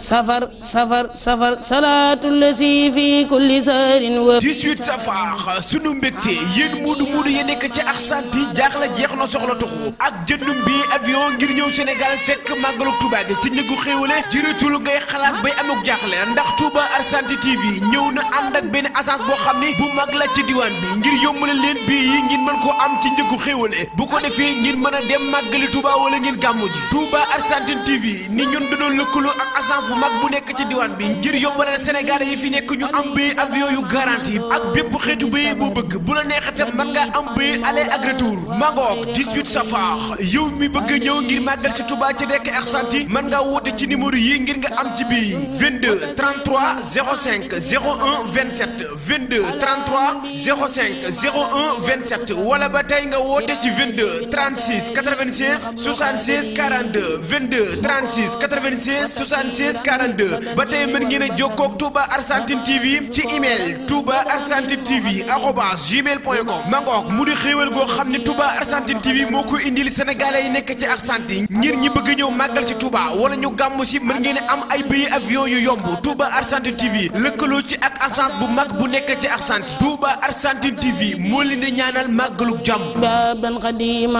safar safar safar salaatul lasi fi kulli saarin wa 18 safar sunu mbégte yéen muudu muudu yi nekk ci axsanti jaaxle jeex na soxla tuxu ak jëndum bi avion ngir ñëw Sénégal fekk màggalu Touba gi ci njëgu xéewale jërëtul ngay xalaat bay amuk jaaxle ndax Touba Argentine TV ñëw na ànd ak benn agence boo xam ni bu mag la ci diwaan bi ngir yomb mën ko am ci njëgu xéwale bu ko defee ngir mën a dem màggali Touba wala ngeen gàmmu ji Touba Argentine TV ni ñun dañoo lëkkaloo ak agence bu mag bu nekk ci diwaan bi ngir yombalal Sénégalais yi fi nekk ñu am bay avion yu garanti ak bépp xeetu bay boo bëgg bu la neexatam mën nga am bay aller ak retour Magog 18 safar yow mi bëgg a ñëw ngir màggal ci tubaa ci nekk Argentine mën ngaa woote ci numéro yi ngir nga am ci bii 22 33 05 01 27 22 33 05 01 27 wala ba tey nga woote ci 22 36 96 76 42 22 36 96 76 42 ba tey mën ngeen a jokkoo ak Touba Argentine TV ci email Touba Argentine TV arobas gmail point com ma ngoog mu di xéewal goo xam ne Touba Argentine TV moo ko indi li sénégalais yi nekk ci ak Argentine ngir ñi bëgg ñëw màggal ci Touba wala ñu gàmm si mën ne am ay billet avion yu yomb Touba Argentine TV lëkkaloo ci ak agence bu mag bu nekk ci Argentine Touba Argentine TV moo leen di ñaanal. màggalug jàmm